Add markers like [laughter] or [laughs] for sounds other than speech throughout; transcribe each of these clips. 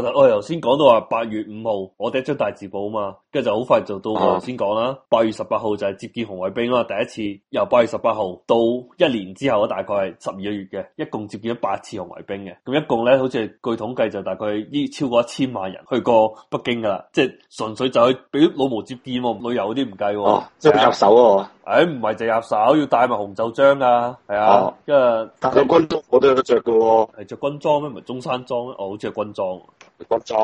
我頭先講到話八月五號我第一張大字報啊嘛，跟住就好快就到我頭先講啦。八月十八號就係接見紅衛兵啦，第一次由八月十八號到一年之後大概係十二個月嘅，一共接見咗八次紅衛兵嘅。咁一共咧，好似係據統計就大概依超過一千萬人去過北京噶啦，即係純粹就去俾老毛接見，旅遊嗰啲唔計。即係、啊、入手、啊，誒唔係就入手，要帶埋紅袖章啊，係啊，即係、啊、為着、啊、軍裝我都有得着嘅。係着軍裝咩？唔係中山裝，哦，好似係軍裝。軍裝，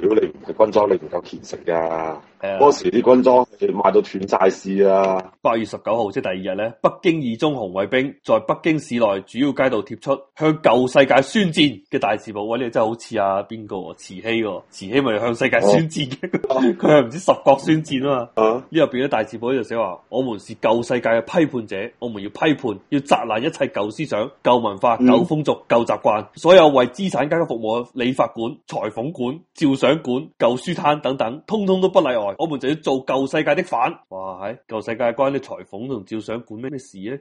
如果你唔係軍裝，你唔夠虔誠噶。嗰時啲軍裝，你賣到斷晒市啊！八月十九號即係第二日咧，北京二中紅衛兵在北京市內主要街道貼出向舊世界宣戰嘅大字報。位。你真係好似啊，邊個？慈禧、哦？慈禧咪向世界宣戰嘅？佢係唔知十國宣戰啊嘛？呢入邊咧，大字報度寫話：，我們是舊世界嘅批判者，我們要批判，要砸爛一切舊思想、舊文化、舊風俗、舊習慣，所有為資產階級服務嘅理髮館、財。縫館、照相館、舊書攤等等，通通都不例外。我們就要做舊世界的反。哇，喺舊世界關啲裁縫同照相館咩咩事咧？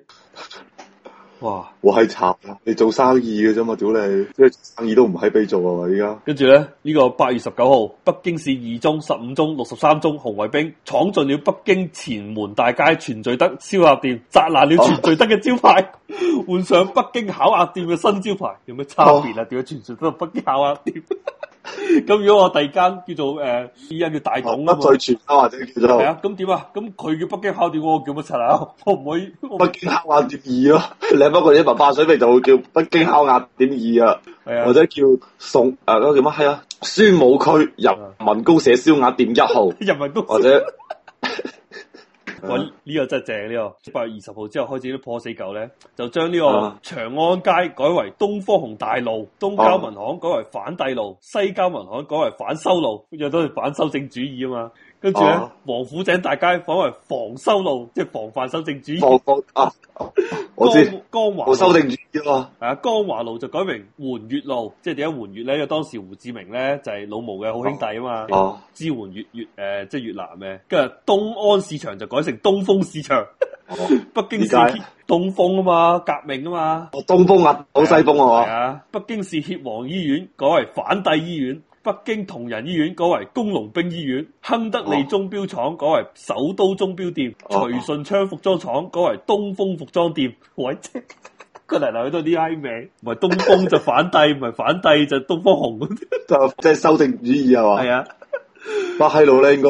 哇，我係慘啊！你做生意嘅啫嘛，屌你，即係生意都唔喺俾做啊嘛，依家。跟住咧，呢、這個八月十九號，北京市二中、十五中、六十三中紅衛兵闖進了北京前門大街全聚德燒鴨店，砸爛了全聚德嘅招牌，啊、換上北京烤鴨店嘅新招牌，有咩差別啊？調、啊、全聚德北京烤鴨店。咁 [laughs] 如果我第二間叫做誒，依、呃、家叫大董啊嘛，全啊，啊或者叫做係 [laughs] 啊，咁點啊？咁佢叫北京烤店，我叫乜柒啊？我唔可以北京烤鴨店二咯？你不過啲文化水平就會叫北京烤鴨店二啊， [laughs] 啊或者叫宋誒個叫乜係啊？宣武區人民公社燒鴨店一號， [laughs] 人民公 [laughs] [laughs] 或者。喂，呢、這個真係正呢、這個，八月二十號之後開始啲破四舊咧，就將呢個長安街改為東方紅大路，東交民巷改為反帝路，西交民巷改為反修路，因為都係反修正主義啊嘛。跟住咧，王府井大街改為防修路，即係防範修正主義。防防啊！ [laughs] 江華修正主義係啊！江華路就改名援越路，即係點解援越咧？因為當時胡志明咧就係、是、老毛嘅好兄弟啊嘛。哦、啊。支援越越誒，即係越南嘅。跟住東安市場就改成東風市場。啊、北京是何東風啊嘛，革命啊嘛。東風啊，好西風啊嘛。係啊！北京市協和醫院改為反帝醫院。北京同仁醫院改為工農兵醫院，亨德利鐘表廠改為首都鐘表店，徐順昌服裝廠改為東風服裝店。喂，真，佢嚟嚟去都啲 I 名，唔係東風就反帝，唔係 [laughs] 反帝就東方紅， [laughs] [laughs] 就即係修正主義係嘛？係啊，不係路咧，應該。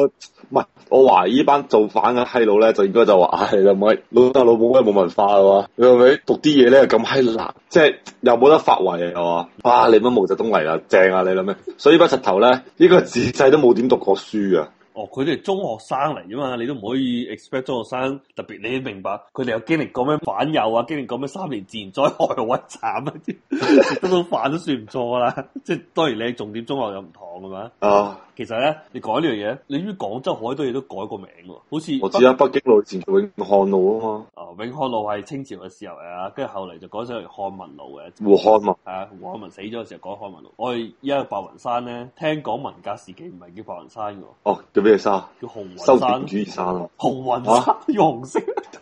唔，我懷疑呢班造反嘅閪佬咧，就應該就話係就咪老豆老母都冇文化啊嘛？你話咪讀啲嘢咧咁閪難，即係又冇得發圍啊嘛？哇！你乜毛澤東嚟啊？正啊！你諗咩？所以班呢班柒頭咧，呢、這個自細都冇點讀過書啊？哦，佢哋中學生嚟噶嘛，你都唔可以 expect 中學生特別。你明白佢哋又經歷咁樣反右啊，經歷咁樣三年自然災害屈慘啊，啲讀到反都算唔錯啦。即係當然你重點中學又唔同噶嘛。哦。其實咧，你改呢樣嘢，你於廣州好多嘢都改過名嘅，好似我知啊，北京路以前叫永漢路啊嘛。啊、哦，永漢路係清朝嘅時候嚟啊，跟住後嚟就改咗成漢民路嘅。胡、就是、漢嘛，係啊，胡漢民死咗嘅時候改漢民路。我哋依家去白雲山咧，聽講文革時期唔係叫白雲山嘅。哦，叫咩嘢山？叫紅雲山，主山啊。紅雲山，啊、用紅色。 [laughs]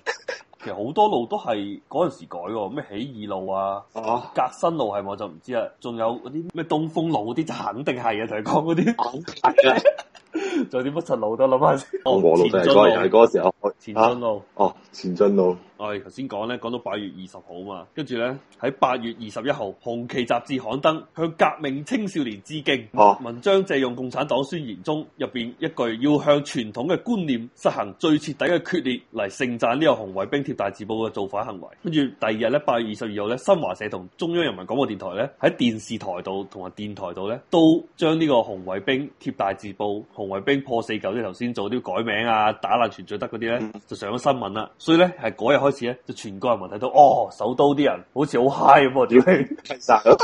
其實好多路都係嗰陣時改，咩起義路啊、革新、啊、路係我就唔知啦，仲有嗰啲咩東風路嗰啲就肯定係啊！同你講嗰啲，仲、啊、 [laughs] 有啲乜柒路都諗下先。哦，和路，路就係嗰係嗰個時候，前進路哦、啊啊，前進路。我哋頭先講咧，講、哎、到八月二十號啊嘛，跟住咧喺八月二十一號，《紅旗雜誌》刊登向革命青少年致敬、啊、文章，借用共產黨宣言中入邊一句，要向傳統嘅觀念實行最徹底嘅決裂，嚟盛讚呢個紅衛兵貼大字報嘅做法行為。跟住第二日咧，八月二十二號咧，新華社同中央人民廣播電台咧喺電視台度同埋電台度咧，都將呢個紅衛兵貼大字報、紅衛兵破四舊你頭先做啲改名啊、打爛全聚德嗰啲咧，就上咗新聞啦。所以咧，係嗰日開。好似咧，就全國人民睇到哦，首都啲人好似好嗨咁。點解嗨晒啦？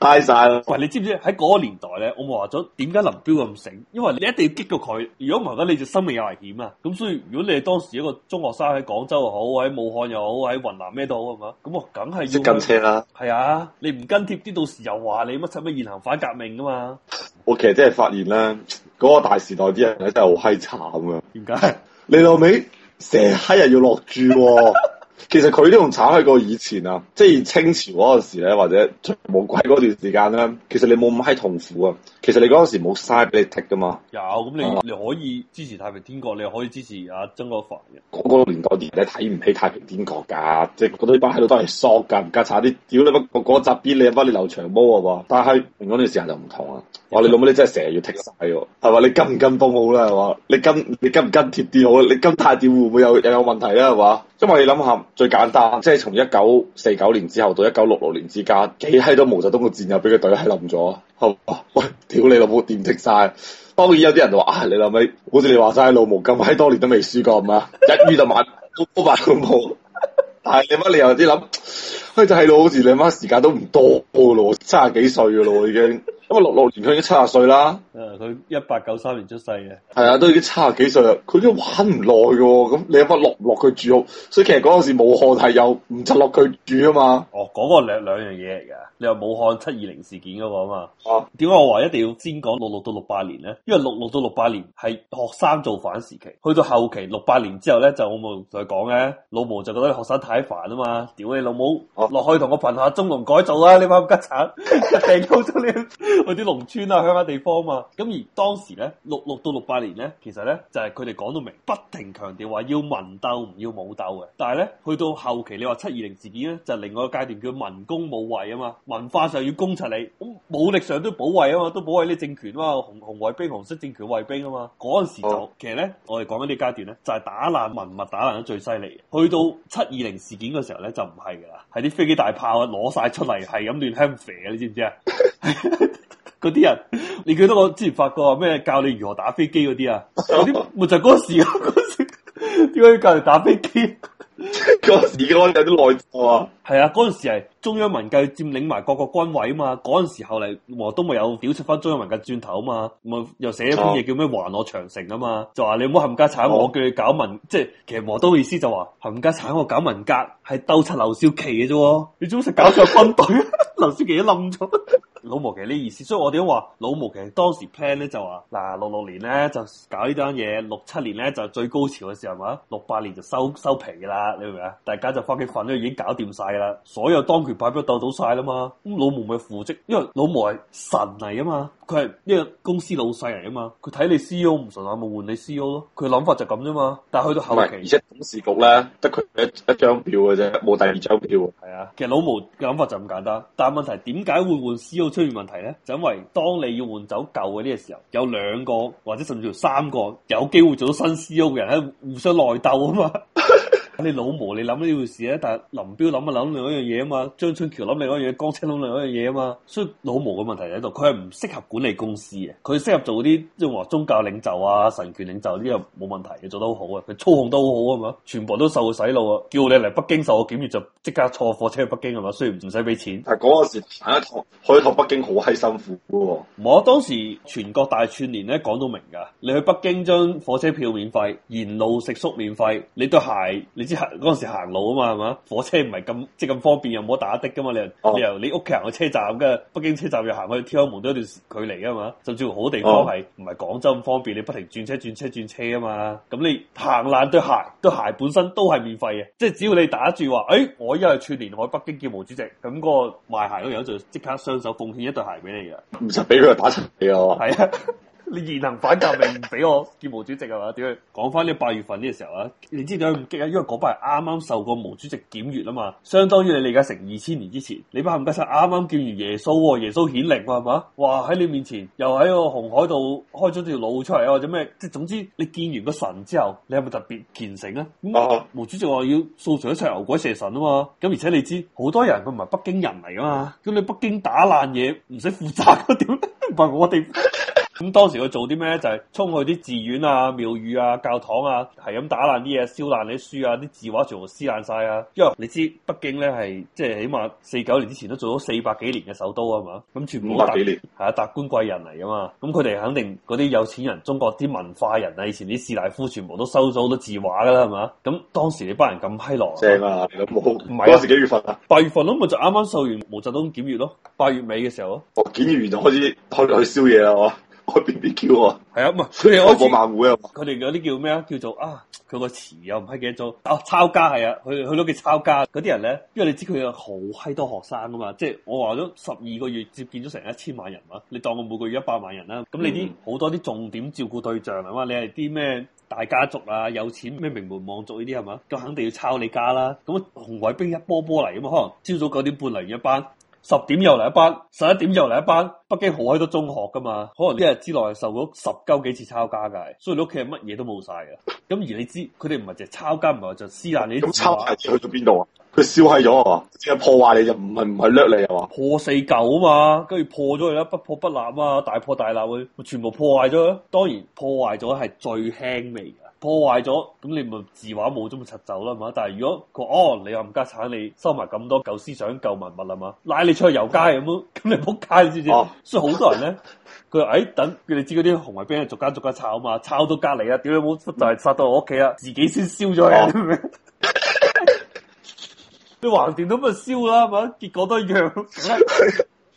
嗨晒啦！喂，你知唔知喺嗰個年代咧，我話咗點解林彪咁醒？因為你一定要激過佢，如果唔係咧，你就生命有危險啊。咁所以，如果你係當時一個中學生喺廣州又好，喺武漢又好，喺雲南咩都好係嘛？咁我梗係要跟車啦。係 [laughs] 啊，你唔跟貼啲，到時又話你乜柒乜現行反革命噶、啊、嘛？我其實真係發現啦，嗰、那個大時代啲人咧真係好閪慘啊！點解？你老味？成日要落注、哦， [laughs] 其實佢都仲慘過以前啊！即係清朝嗰陣時咧，或者亡國嗰段時間咧，其實你冇咁係痛苦啊！其實你嗰時冇嘥俾你踢噶嘛？有咁你吧你可以支持太平天國，你可以支持阿、啊、曾國藩嘅。嗰個年代人你睇唔起太平天國噶，即係覺得呢班喺度都係索噶，唔加差啲屌你乜個嗰集邊你阿媽你留長毛啊？但係嗰段時間就唔同啦。我話你老母你真係成日要踢晒喎，係嘛？你跟唔跟風好啦，係嘛？你跟你跟唔跟貼啲好你跟太啲會唔會有又有有問題咧？係嘛？因為你諗下最簡單，即係從一九四九年之後到一九六六年之間，幾閪多毛澤東嘅戰友俾佢隊係冧咗。好、哦、喂，屌你老母墊積晒！當然有啲人就話：啊、哎，你，你諗起，好似你話齋老毛咁喺多年都未輸過嘛，一於就買，冇辦法都冇。但係你乜理由啲諗？佢、哎、就係、是、咯，好似你乜時間都唔多個咯，卅幾歲個咯，已經。 [laughs] 因為六六年佢已經七十歲啦，誒、嗯，佢一八九三年出世嘅，係啊，都已經七十幾歲啦，佢都玩唔耐嘅，咁你有冇落唔落佢住屋？所以其實嗰陣時武漢係有唔出落佢住啊嘛。哦，嗰、那個兩兩樣嘢嚟嘅，你話武漢七二零事件嗰個啊嘛。哦、啊，點解我話一定要先講六六到六八年咧？因為六六到六八年係學生造反時期，去到後期六八年之後咧，就老毛再講嘅。老毛就覺得學生太煩啊嘛，屌你老母，落、啊、去同我貧下中農改造啊，你媽咁嘥，訂高咗你。 [laughs] 去啲農村啊，鄉下地方啊嘛，咁而當時咧，六六到六八年咧，其實咧就係佢哋講到明，不停強調話要文鬥唔要武鬥嘅。但係咧，去到後期，你話七二零事件咧，就是、另外一個階段叫文攻武衛啊嘛。文化上要攻齊你，武力上都保衛啊嘛，都保衛呢政權啊嘛。紅紅衛兵紅色政權衛兵啊嘛。嗰陣、嗯、時就其實咧，我哋講緊啲階段咧，就係、是、打爛文物打爛得最犀利。去到七二零事件嘅時候咧，就唔係噶啦，係啲飛機大炮攞晒出嚟，係咁亂香射啊，你知唔知啊？ [laughs] 嗰啲人，你記得我之前發過咩教你如何打飛機嗰啲啊？嗰啲咪就嗰時咯，點解要教人打飛機？ [laughs] 嗰時嘅安有啲內疚啊？係啊，嗰陣時係中央文革佔領埋各個軍委啊嘛。嗰陣時候嚟，毛澤東冇有屌出翻中央文革轉頭啊嘛，咪又寫一篇嘢叫咩《還我長城》啊嘛，就話你唔好冚家鏟我叫你搞文，即係其實毛澤東嘅意思就話冚家鏟我搞文革係鬥出劉少奇嘅啫。你仲使搞錯軍隊？劉少奇都冧咗。老毛其實呢意思，所以我點解話老毛其實當時 plan 咧就話嗱六六年咧就搞呢單嘢，六七年咧就最高潮嘅時候嘛，六八年就收收皮㗎啦。你明啊？大家就返屋企瞓都已經搞掂晒啦，所有當權派都鬥到晒啦嘛。咁老毛咪扶職，因為老毛係神嚟啊嘛，佢係呢個公司老細嚟啊嘛，佢睇你 CEO 唔順啊，咪換你 CEO 咯。佢諗法就咁啫嘛。但係去到後期，而且董事局咧，得佢一一張票嘅啫，冇第二張票。係啊，其實老毛嘅諗法就咁簡單。但係問題點解會換 CEO 出現問題咧？就因為當你要換走舊嘅呢個時候，有兩個或者甚至乎三個有機會做到新 CEO 嘅人喺互相內鬥啊嘛。 [laughs] 你老毛你諗呢回事咧，但係林彪諗啊諗另一樣嘢啊嘛，張春橋諗另一樣嘢，江青諗另一樣嘢啊嘛，所以老毛嘅問題喺度，佢係唔適合管理公司嘅，佢適合做啲即係話宗教領袖啊、神權領袖呢啲又冇問題，做得好好啊，佢操控都好好啊嘛，全部都受佢洗腦啊，叫你嚟北京受個檢閱就即刻坐火車去北京係嘛，雖然唔使俾錢。但嗰個時喺去一趟北京好閪辛苦嘅，我當時全國大串聯咧講到明噶，你去北京將火車票免費，沿路食宿免費，你對鞋。你知嗰時行路啊嘛，係嘛？火車唔係咁即咁方便，又冇得打的噶嘛。你由你屋企行去車站，跟住北京車站又行去天安門都一段距離啊嘛。甚至乎好地方係唔係廣州咁方便，你不停轉車、轉車、轉車啊嘛。咁你行爛對鞋，對鞋本身都係免費嘅，即係只要你打住話，誒，我一係串連海北京見毛主席，咁個賣鞋嗰人就即刻雙手奉獻一對鞋俾你嘅，唔使俾佢打塵，係啊。你現行反革命唔俾我見毛主席係嘛？點講翻呢？八月份呢個時候啊，你知點解唔激啊？因為嗰班係啱啱受過毛主席檢閱啊嘛，相當於你理解成二千年之前，你班冚家鏟啱啱見完耶穌，耶穌顯靈係嘛？哇！喺你面前又喺個紅海度開咗條路出嚟，啊，或者咩？即係總之，你見完個神之後，你係咪特別虔誠啊？毛主席話要掃除一切牛鬼蛇神啊嘛。咁而且你知好多人佢唔係北京人嚟噶嘛？咁你北京打爛嘢唔使負責嘅、啊、點？唔係 [laughs] 我哋。咁當時佢做啲咩就係、是、衝去啲寺院啊、廟宇啊、教堂啊，係咁打爛啲嘢，燒爛啲書啊、啲字畫全部撕爛晒啊！因為你知北京咧係即係起碼四九年之前都做咗四百幾年嘅首都啊嘛，咁全部係啊達官貴人嚟噶嘛，咁佢哋肯定嗰啲有錢人、中國啲文化人啊，以前啲士大夫全部都收咗好多字畫噶啦，係嘛？咁當時你班人咁批浪，正啊！冇唔係啊？時幾月份啊？八月份咯、啊，咪就啱啱受完毛澤東檢閲咯，八月尾嘅時候咯，檢閲完就開始開始去燒嘢啦，我 B B 叫啊，係啊，唔係，佢哋開個晚會啊。佢哋有啲叫咩啊？叫做啊，佢個詞又唔係幾多啊，抄家係啊，佢佢都叫抄家。嗰啲人咧，因為你知佢有好閪多學生噶嘛，即係我話咗十二個月接見咗成一千萬人啊。你當我每個月一百萬人啦。咁你啲好多啲重點照顧對象嚟嘛？你係啲咩大家族啊？有錢咩名門望族呢啲係嘛？咁肯定要抄你家啦。咁紅衛兵一波波嚟咁啊，可能朝早九點半嚟一班。十點又嚟一班，十一點又嚟一班。北京好閪多中學噶嘛，可能一日之內受咗十鳩幾次抄家噶，所以你屋企係乜嘢都冇晒㗎。咁 [laughs] 而你知佢哋唔係淨係抄家，唔係就撕爛你。咁抄家錢去咗邊度啊？佢燒氣咗係嘛？只係破壞你就唔係唔係掠你係嘛？破四舊啊嘛，跟住破咗佢啦，不破不立啊，大破大立佢，全部破壞咗。當然破壞咗係最輕微。破壞咗，咁你咪字畫冇咗咪拆走啦嘛？但係如果佢哦，你冚家鏟，你收埋咁多舊思想舊文物啦嘛，拉你出去遊街咁，咁你仆街先啫。哦、所以好多人咧，佢話誒，等你知嗰啲紅衛兵逐間逐間抄啊嘛，抄到隔籬啊，屌你冇，就係殺到我屋企啊，自己先燒咗啊。哦、 [laughs] 你橫掂都咪燒啦嘛，結果都一樣，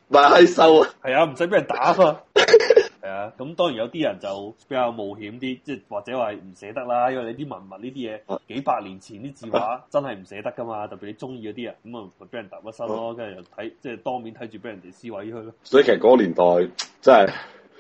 咪係收啊，係啊，唔使俾人打啊。 [laughs] 咁當然有啲人就比較冒險啲，即係或者話唔捨得啦，因為你啲文物呢啲嘢，幾百年前啲字畫真係唔捨得噶嘛，特別你中意嗰啲人，咁啊咪俾人揼一身咯，跟住又睇，即係、就是、當面睇住俾人哋撕毀去咯。所以其實嗰個年代真係，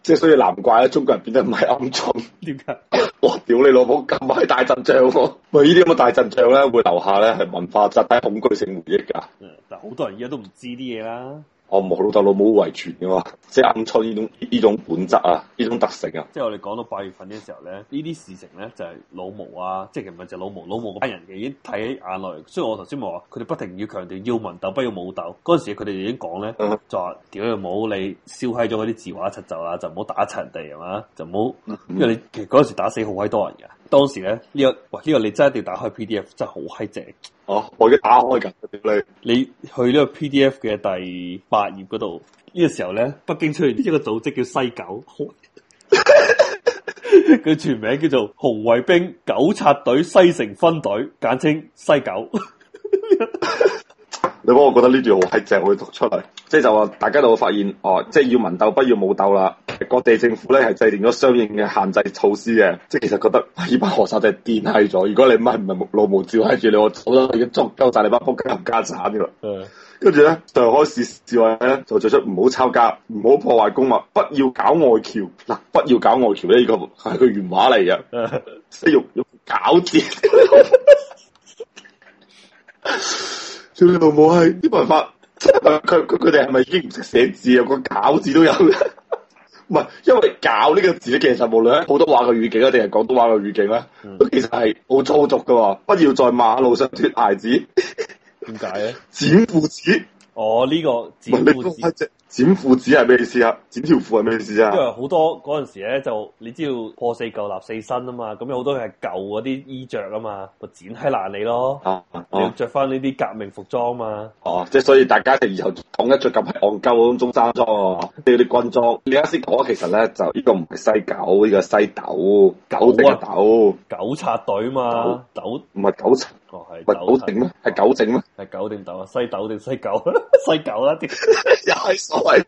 即係所以難怪咧，中國人變得唔係暗中點解？哇！屌你老母咁快大陣仗喎，咪呢啲咁嘅大陣仗咧，會留下咧係文化集體、就是、恐懼性回憶噶、嗯。但係好多人而家都唔知啲嘢啦。我冇、哦、老豆老母遺傳嘅嘛，即係暗搓呢種呢種本質啊，呢種特色啊。即係我哋講到八月份嘅時候咧，呢啲事情咧就係、是、老毛啊，即係其實唔係就是老毛，老毛嗰班人已經睇喺眼內。雖然我頭先話佢哋不停要強調要文鬥不要武鬥，嗰陣時佢哋已經講咧、嗯哼，就話屌你冇你燒閪咗嗰啲字畫殘舊啦，就唔好打殘地係、啊、嘛，就唔好、嗯、哼因為你其實嗰陣時打死好閪多人嘅。當時咧呢、這個喂呢、這個你真係一定要打開 PDF，真係好閪正哦，我已經打開噶你！你去呢個 PDF 嘅第八頁嗰度呢個時候咧，北京出現一個組織叫西九，佢 [laughs] [laughs] 全名叫做紅衛兵糾察隊西城分隊，簡稱西九。 [laughs] [laughs] 你講，我覺得呢段好閪正，我要讀出嚟，即係就話、是、大家就會發現哦，即、就、係、是、要文鬥，不要武鬥啦。各地政府咧係制定咗相應嘅限制措施嘅，即係其實覺得呢班學生就係癲閪咗。如果你掹唔係老毛照喺住你，我我覺得已經捉夠晒你班仆街冚家鏟啦。的跟住咧，上海市市委咧就做出唔好抄家、唔好破壞公物、不要搞外僑。嗱、啊，不要搞外僑咧，呢、這個係個原話嚟嘅的。用用搞 [laughs] 字，老母係啲辦法，佢佢哋係咪已經唔識寫字啊？個搞字都有。唔係，因為搞呢個字，其實無論普通話嘅語境，定係廣東話嘅語境咧，都其實係好粗俗嘅。不要在馬路上脱鞋子，點解咧？剪褲子？哦，呢個剪褲子。剪褲子係咩意思啊？剪條褲係咩意思啊？因為好多嗰陣時咧，就你知道破四舊立四新啊嘛，咁有好多係舊嗰啲衣着啊嘛，咪剪喺爛你咯啊。啊，你要着翻呢啲革命服裝嘛。哦、啊、即、啊、係、啊啊就是、所以大家就以後統一着咁係憨鳩嗰種中山裝、啊，即係啲軍裝。你啱先講，其實咧就呢個唔係西九，呢、這個西鬥，九啊鬥，九察隊嘛，鬥唔係九察。哦係狗定咩？係狗整咩？係狗定、哦、鬥，鬥，鬥啊？ [laughs] [laughs] 西斗定西狗？西狗啦，啲又係所謂。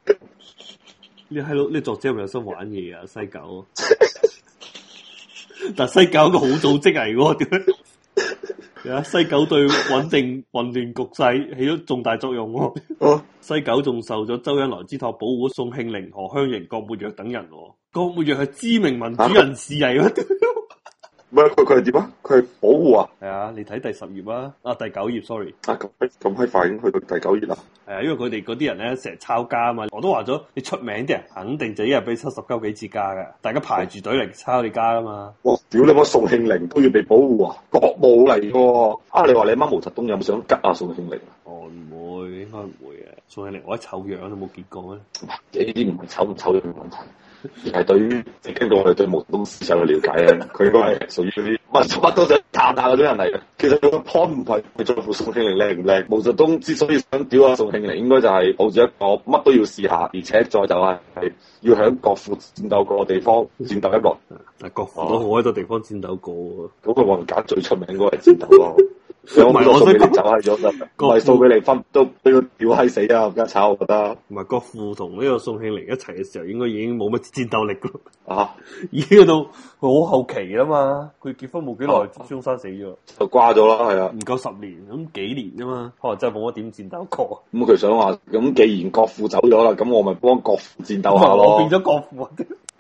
你係咯？你做姐唔係有心玩嘢啊。西狗。但西糾個好組織嚟喎？點西糾對穩定混亂局勢起咗重大作用、啊啊。哦。西糾仲受咗周恩來之託保護宋慶齡、何香凝、郭沫若等人、啊。郭沫若係知名民主人士嚟咩？啊咩？佢佢係點啊？佢係保護啊！係啊，你睇第十頁啊，啊第九頁，sorry。啊咁咁閪快，已經去到第九頁啦，啊。係啊，因為佢哋嗰啲人咧，成日抄家啊嘛。我都話咗，你出名啲人肯定就一日俾七十鳩幾次家㗎。大家排住隊嚟抄你家啊嘛。哇！屌你媽，宋慶齡都要被保護啊？國母嚟個啊！你話你媽毛澤東有冇想吉啊？宋慶齡？我唔會，應該唔會啊。宋慶齡，我一醜樣都冇結果咩？有有過呢啲唔係醜唔醜樣問題。係 [laughs] 對於經過我哋對毛澤東思想嘅了解咧，佢應該係屬於乜乜都想探下嗰啲人嚟嘅。其實佢個 point 唔係在宋慶齡靚唔靚，毛澤東之所以想屌下宋慶齡，應該就係抱住一個乜都要試下，而且再就係要響國父戰鬥個地， [laughs] 地方戰鬥一輪。國父都好喺個地方戰鬥過啊！咁個王家最出名嗰個係戰鬥咯。 [laughs] 我咪攞衰啲走閪咗，唔係送俾你分都俾佢屌閪死啊！家得炒，我覺得。唔係國父同呢個宋慶齡一齊嘅時候，應該已經冇乜戰鬥力咯。啊，已經到佢好後期啦嘛，佢結婚冇幾耐，中山死咗，就掛咗啦，係啊，唔夠十年，咁幾年啫嘛，可能真係冇乜點戰鬥過。咁佢想話，咁既然國父走咗啦，咁我咪幫國父戰鬥下我變咗國父啊。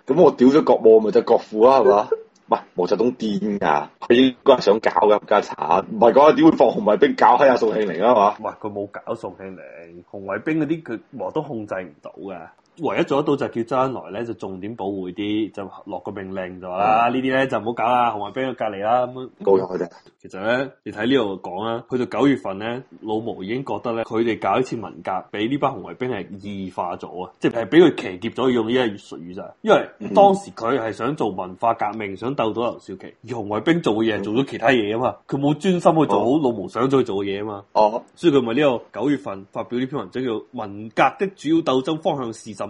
咁 [laughs] 我屌咗國母咪就國父啦，係嘛？「喂，毛澤東癲噶，佢應該係想搞噶家產，唔係講點會放紅衛兵搞吓下宋慶齡啊嘛？唔係佢冇搞宋慶齡，紅衛兵嗰啲佢都控制唔到噶。唯一做得到就叫周恩來咧，就重點保護啲，就落個命令就話啦，的呢啲咧就唔好搞啦，紅衛兵喺隔離啦咁樣。告咗佢啫。其實咧，你睇呢度講啦，佢到九月份咧，老毛已經覺得咧，佢哋搞一次文革，俾呢班紅衛兵係異化咗啊，嗯、即係俾佢騎劫咗，用呢粵語術語咋。因為當時佢係想做文化革命，想鬥倒劉少奇，而紅衛兵做嘅嘢係做咗其他嘢啊嘛，佢冇專心去做好老毛想做嘅嘢啊嘛。哦、嗯。所以佢咪呢個九月份發表呢篇文章叫《文革的主要鬥爭方向事實》。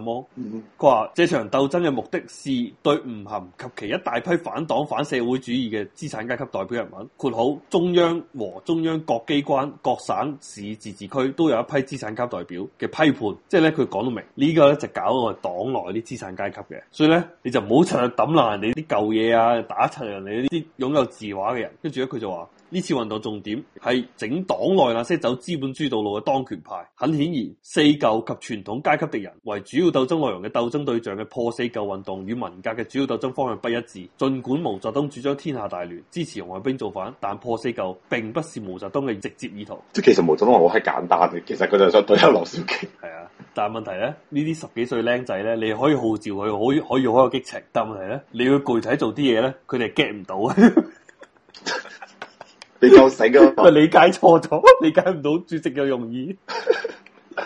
佢話，這場鬥爭嘅目的是對吳晗及其一大批反黨反社會主義嘅資產階級代表人民括好中央和中央各機關、各省市自治區都有一批資產階級代表嘅批判，即係咧佢講到明呢個咧就搞我哋黨內啲資產階級嘅，所以咧你就唔好成日抌爛人哋啲舊嘢啊，打柒人哋呢啲擁有字畫嘅人，跟住咧佢就話。呢次運動重點係整黨內那些走資本主義道路嘅當權派。很顯然，四舊及傳統階級敵人為主要鬥爭內容嘅鬥爭對象嘅破四舊運動與文革嘅主要鬥爭方向不一致。盡管毛澤東主張天下大亂，支持紅衛兵造反，但破四舊並不是毛澤東嘅直接意圖。即其實毛澤東話我係簡單嘅，其實佢就想懟一劉少奇。係啊，但係問題咧，呢啲十幾歲僆仔咧，你可以號召佢，可以可以好有激情，但問題咧，你要具體做啲嘢咧，佢哋 get 唔到。 [laughs] 你夠死咯，唔係 [laughs] 理解錯咗，理解唔到主席嘅用意。 [laughs] [laughs]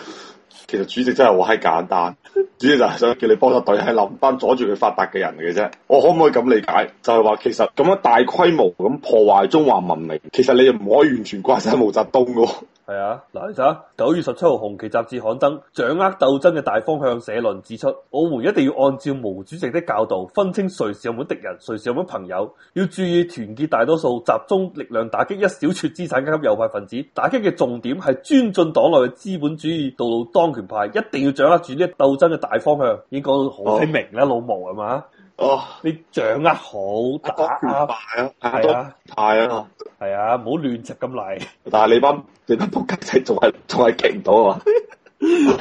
其實主席真係好閪簡單，主席就係想叫你幫個隊係冧班阻住佢發達嘅人嚟嘅啫。我可唔可以咁理解？就係話，其實咁樣大規模咁破壞中華文明，其實你又唔可以完全怪晒毛澤東噶。 [laughs] 係啊，嗱你睇下，九月十七號《紅旗》雜誌刊登《掌握鬥爭嘅大方向》社論指出，我們一定要按照毛主席的教導，分清誰是我們的敵人，誰是我們朋友，要注意團結大多數，集中力量打擊一小撮資產階級右派分子，打擊嘅重點係尊進黨內嘅資本主義道路當權派，一定要掌握住呢鬥爭嘅大方向。已經講到好明啦，哦、老毛係嘛？哦，你掌握好打啊，係啊，係啊，係啊，係啊，唔好亂執咁嚟。但係你班你班撲街仔仲係仲係激唔到啊，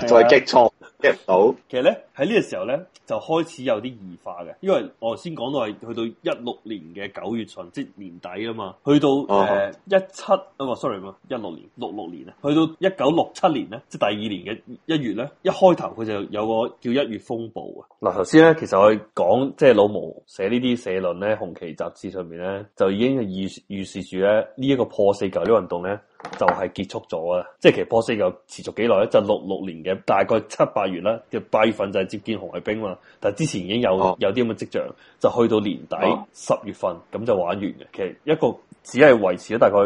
仲係激錯，激唔到。其實咧。喺呢個時候咧，就開始有啲異化嘅，因為我先講到係去到一六年嘅九月份，即係年底啊嘛，去到誒一七啊嘛，sorry 嘛，一六年六六年啊，去到一九六七年咧，即係第二年嘅一月咧，一開頭佢就有個叫一月風暴啊。嗱，頭先咧，其實我講即係老毛寫呢啲社論咧，《紅旗雜誌》上面咧，就已經預預示住咧呢一個破四舊啲運動咧，就係結束咗啊！即係其實破四舊持續幾耐咧，就六六年嘅大概七八月啦，嘅八月份就。接見紅衛兵嘛，但係之前已經有、啊、有啲咁嘅跡象，就去到年底啊、十月份咁就玩完嘅。其實一個只係維持咗大概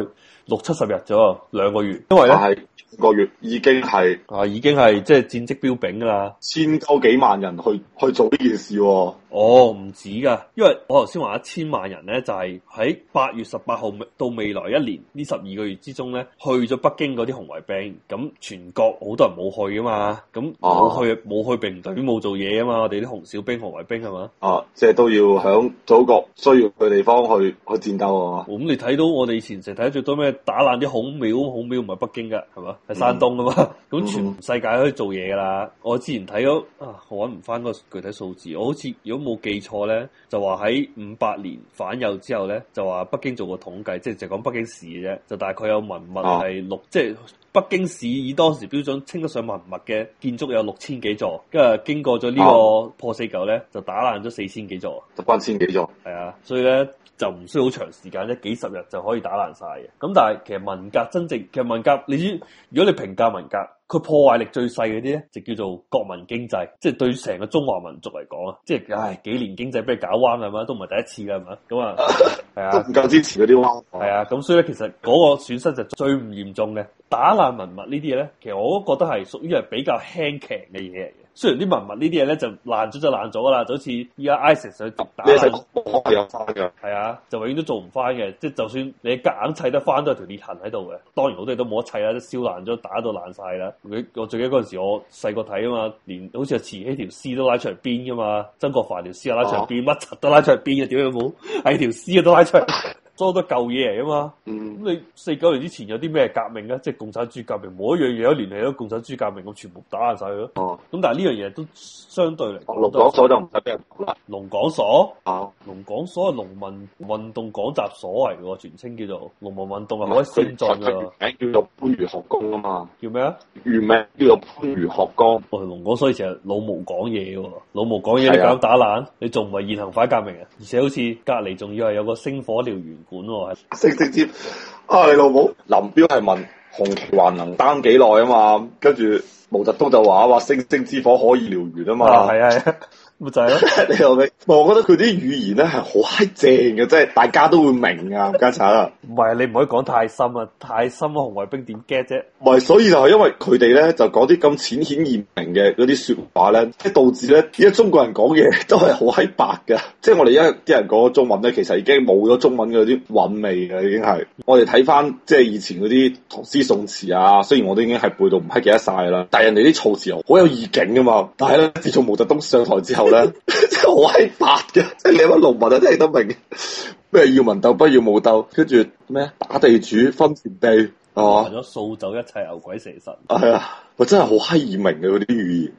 六七十日左右，兩個月。因為呢係個月已經係啊，已經係即係戰績彪炳噶啦，千多幾萬人去去做呢件事，哦。哦，唔止噶，因為我頭先話一千萬人咧，就係喺八月十八號到未來一年呢十二個月之中咧，去咗北京嗰啲紅衛兵，咁全國好多人冇去噶嘛，咁冇去冇、啊、去、去並唔代表冇做嘢啊嘛，我哋啲紅小兵紅衛兵係嘛，哦，即係、啊就是、都要響祖國需要嘅地方去去戰鬥啊嘛，咁你睇到我哋以前成日睇得最多咩打爛啲孔廟，孔廟唔係北京噶係嘛，係山東啊嘛，咁、嗯嗯、全世界都可以做嘢噶啦，我之前睇到啊，我揾唔翻嗰具體數字，我好似都冇記錯咧，就話喺五八年反右之後咧，就話北京做過統計，即係就講北京市嘅啫，就大概有文物係六、啊，即係北京市以當時標準稱得上文物嘅建築有六千幾座，跟住經過咗呢個破四舊咧，啊、就打爛咗四千幾座，就關千幾座，係啊，所以咧。就唔需要好長時間咧，幾十日就可以打爛晒嘅。咁但係其實文革真正，其實文革你知，如果你評價文革，佢破壞力最細嗰啲咧，就叫做國民經濟，即係對成個中華民族嚟講啊，即係唉幾年經濟俾佢搞彎係咪？都唔係第一次㗎係咪？咁啊係啊，都唔夠支持嗰啲彎係啊，咁所以咧其實嗰個損失就最唔嚴重嘅。打爛文物呢啲嘢咧，其實我都覺得係屬於係比較輕騎嘅嘢嚟嘅。雖然啲文物呢啲嘢咧就爛咗就爛咗噶啦，就好似依家 ISIS 去打，你成屋係有翻嘅。係打啊，就永遠都做唔翻嘅。即係就算你硬砌得翻，都係條裂痕喺度嘅。當然好多都冇得砌啦，都燒爛咗，打到爛晒啦。佢我最記嗰陣時，我細個睇啊嘛，連好似係慈禧條屍都拉出嚟邊噶嘛。曾國藩條屍啊拉出嚟邊，乜柒都拉出嚟邊啊，屌，樣冇係條屍都拉出嚟。 [laughs] 所有都舊嘢嚟啊嘛，咁、嗯嗯、你四九年之前有啲咩革命咧、啊？即係共產主義革命，冇一樣嘢都聯繫咗共產主義革命我全部打爛曬咯。哦、啊，咁但係呢樣嘢都相對嚟講，龍港所就唔使俾人講啦。龍港所，啊、龍港所係農民運動講習所嚟嘅喎，全稱叫做農民運動啊，好有存在㗎。叫做番禺學宮啊嘛，叫咩啊？原名叫做番禺學宮。喂，龍港、哦、所以成日老毛講嘢喎，老毛講嘢、啊、你搞打爛，你仲唔係現行反革命啊？而且好似隔離仲要係有個星火燎原、啊。啊。管我星星之火，啊你老母林彪係問，紅旗還能擔幾耐啊嘛，跟住毛澤東就話啊話，星星之火可以燎原啊嘛。 [laughs] [laughs] [laughs] 咪就係咯， [laughs] 你話咪？我覺得佢啲語言咧係好閪正嘅，即係大家都會明啊！家啊，唔係 [laughs] 你唔可以講太深啊，太深啊！紅衛兵點 get 啫？唔係，所以就係因為佢哋咧就講啲咁淺顯易明嘅嗰啲説話咧，即係導致咧，而家中國人講嘢都係好閪白嘅，即係我哋一啲人講中文咧，其實已經冇咗中文嗰啲韻味嘅，已經係我哋睇翻即係以前嗰啲唐詩宋詞啊。雖然我都已經係背到唔閪記得晒啦，但係人哋啲措詞又好有意境噶嘛。但係咧，自從毛澤東上台之後。咧， [laughs] [laughs] 好淺白嘅，即係你乜農民都、啊、聽得明嘅，咩要文鬥不要武鬥，跟住咩打地主分田地，為咗掃走一切牛鬼蛇神。係 [laughs] 啊，我真係好淺易明嘅嗰啲語言。